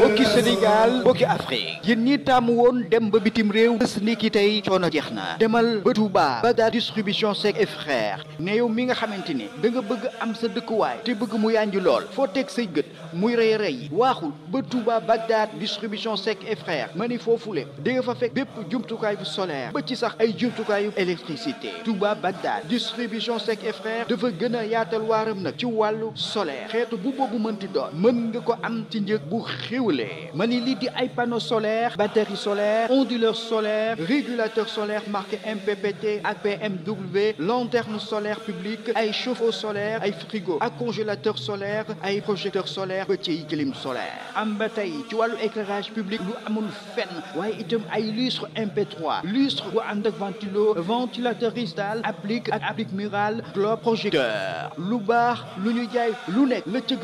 bokki Sénégal bokki Afrique yéen ñi tàmm woon dem ba bitim réew bés ni ki tey coono jeex na demal ba Touba Bagdad distribution Seck et frère yow mi nga xamante ni da nga bëgg am sa dëkkuwaay te bëgg mu yànji lool foo teg say gët muy rey rey waaxul ba Touba Bagdad distribution Seck et frère ma ni foofu lépp nga fa fekk bépp jumtukaay bu solaire ba ci sax ay jumtukaayu électricité Touba Bagdad distribution Seck dafa gën a yaatal waaram nag ci wàllu solaire xeetu bu bu mënti doon mën nga ko am ci njëg bu xiwlee ma ni lii di ay panneau solaire batterie solaire onduleur solaire régulateur solaire marqué MPPT APMW lanterne solaire publique ay chauffe-eau solaire ay frigo ak congélateur solaire ay projecteur solaire petit clim solaire am ba tey ci wàllu éclairage public lu amul fen waaye itam ay lustre MP3 lustre bu ànd ak ventilo ventilateur cristal applique a applique murale globe projecteur lu baax lu ñu lu nekk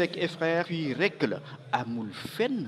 Seck et frères. puis rekk la amul fenn